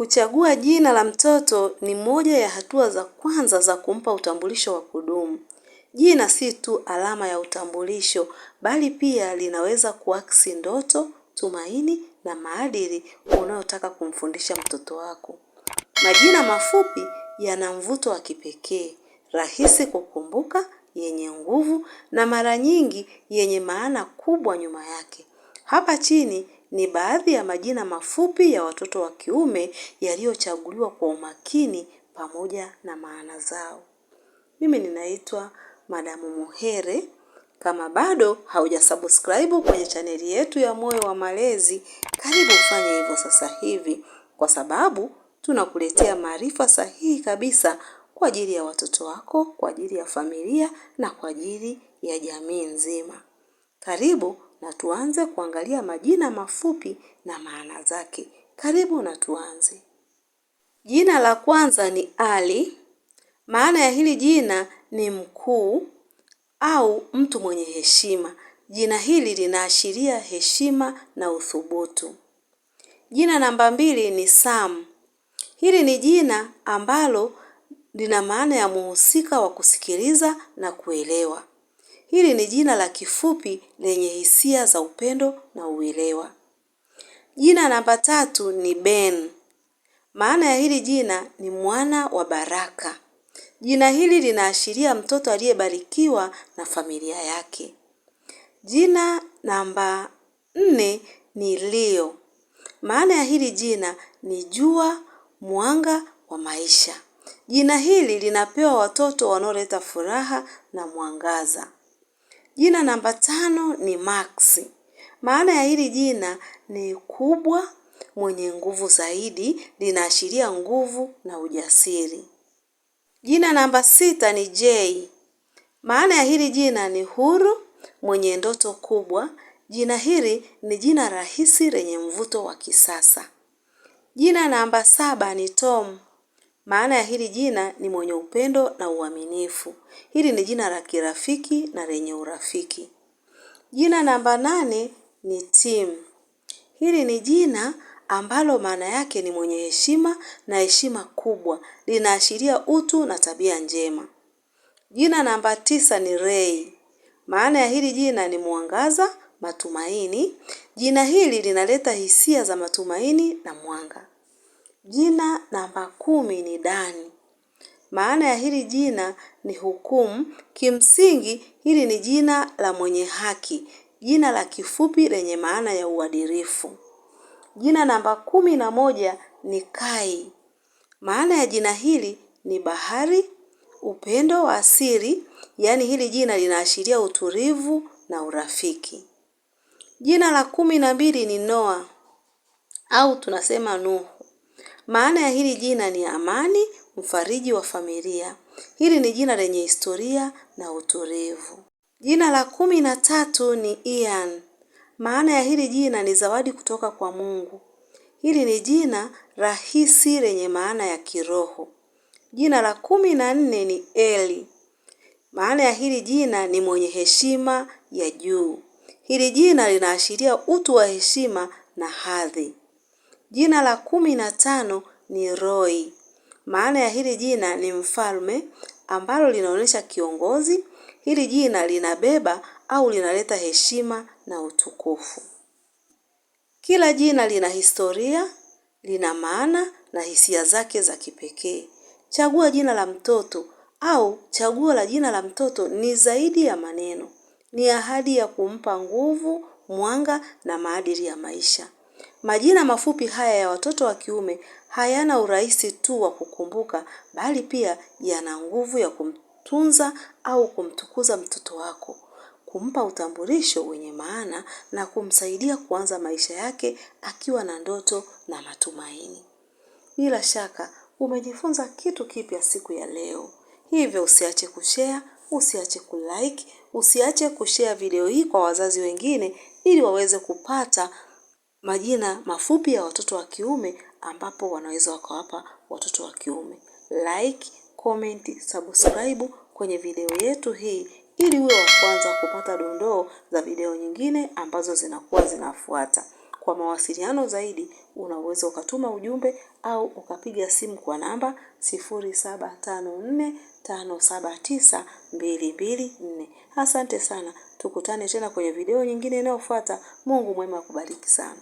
Kuchagua jina la mtoto ni moja ya hatua za kwanza za kumpa utambulisho wa kudumu. Jina si tu alama ya utambulisho, bali pia linaweza kuakisi ndoto, tumaini na maadili unayotaka kumfundisha mtoto wako. Majina mafupi yana mvuto wa kipekee, rahisi kukumbuka, yenye nguvu na mara nyingi yenye maana kubwa nyuma yake. Hapa chini ni baadhi ya majina mafupi ya watoto wa kiume yaliyochaguliwa kwa umakini pamoja na maana zao. Mimi ninaitwa Madamu Muhere. Kama bado haujasubscribe kwenye chaneli yetu ya Moyo wa Malezi, karibu ufanye hivyo sasa hivi, kwa sababu tunakuletea maarifa sahihi kabisa kwa ajili ya watoto wako, kwa ajili ya familia na kwa ajili ya jamii nzima. Karibu na tuanze kuangalia majina mafupi na maana zake. Karibu na tuanze. Jina la kwanza ni Ali. Maana ya hili jina ni mkuu au mtu mwenye heshima. Jina hili linaashiria heshima na uthubutu. Jina namba mbili ni Sam. Hili ni jina ambalo lina maana ya muhusika wa kusikiliza na kuelewa. Hili ni jina la kifupi lenye hisia za upendo na uelewa. Jina namba tatu ni Ben. Maana ya hili jina ni mwana wa baraka. Jina hili linaashiria mtoto aliyebarikiwa na familia yake. Jina namba nne ni Leo. Maana ya hili jina ni jua, mwanga wa maisha. Jina hili linapewa watoto wanaoleta furaha na mwangaza. Jina namba tano ni Max. Maana ya hili jina ni kubwa, mwenye nguvu zaidi, linaashiria nguvu na ujasiri. Jina namba sita ni J. Maana ya hili jina ni huru, mwenye ndoto kubwa. Jina hili ni jina rahisi lenye mvuto wa kisasa. Jina namba saba ni Tom. Maana ya hili jina ni mwenye upendo na uaminifu. Hili ni jina la kirafiki na lenye urafiki. Jina namba nane ni Tim. Hili ni jina ambalo maana yake ni mwenye heshima na heshima kubwa. Linaashiria utu na tabia njema. Jina namba tisa ni Ray. Maana ya hili jina ni mwangaza, matumaini. Jina hili linaleta hisia za matumaini na mwanga. Jina namba kumi ni Dani. Maana ya hili jina ni hukumu. Kimsingi hili ni jina la mwenye haki, jina la kifupi lenye maana ya uadilifu. Jina namba kumi na moja ni Kai. Maana ya jina hili ni bahari, upendo wa asili, yaani hili jina linaashiria utulivu na urafiki. Jina la kumi na mbili ni Noa au tunasema Nuhu. Maana ya hili jina ni amani, mfariji wa familia. Hili ni jina lenye historia na utulivu. Jina la kumi na tatu ni Ian. Maana ya hili jina ni zawadi kutoka kwa Mungu. Hili ni jina rahisi lenye maana ya kiroho. Jina la kumi na nne ni Eli. Maana ya hili jina ni mwenye heshima ya juu. Hili jina linaashiria utu wa heshima na hadhi. Jina la kumi na tano ni Roy. Maana ya hili jina ni mfalme, ambalo linaonyesha kiongozi. Hili jina linabeba au linaleta heshima na utukufu. Kila jina lina historia, lina maana na hisia zake za kipekee. Chagua jina la mtoto au chaguo la jina la mtoto ni zaidi ya maneno, ni ahadi ya kumpa nguvu, mwanga na maadili ya maisha. Majina mafupi haya ya watoto wa kiume hayana urahisi tu wa kukumbuka bali pia yana nguvu ya kumtunza au kumtukuza mtoto wako, kumpa utambulisho wenye maana na kumsaidia kuanza maisha yake akiwa na ndoto na matumaini. Bila shaka umejifunza kitu kipya siku ya leo. Hivyo usiache kushare, usiache kulike, usiache kushare video hii kwa wazazi wengine ili waweze kupata majina mafupi ya watoto wa kiume ambapo wanaweza wakawapa watoto wa kiume. Like, comment, subscribe kwenye video yetu hii ili uwe wa kwanza kupata dondoo za video nyingine ambazo zinakuwa zinafuata. Kwa mawasiliano zaidi, unaweza ukatuma ujumbe au ukapiga simu kwa namba 0754579224. Asante sana, tukutane tena kwenye video nyingine inayofuata. Mungu mwema akubariki sana.